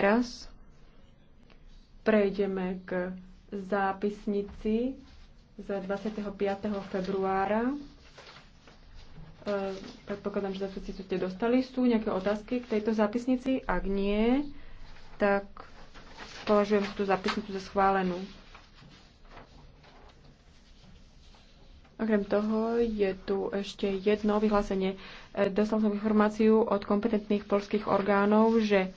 Teraz prejdeme k zápisnici z 25. februára. E, predpokladám, že zápisnicu ste dostali. Sú nejaké otázky k tejto zápisnici? Ak nie, tak považujem tú zápisnicu za schválenú. Okrem toho je tu ešte jedno vyhlásenie. E, dostal som informáciu od kompetentných polských orgánov, že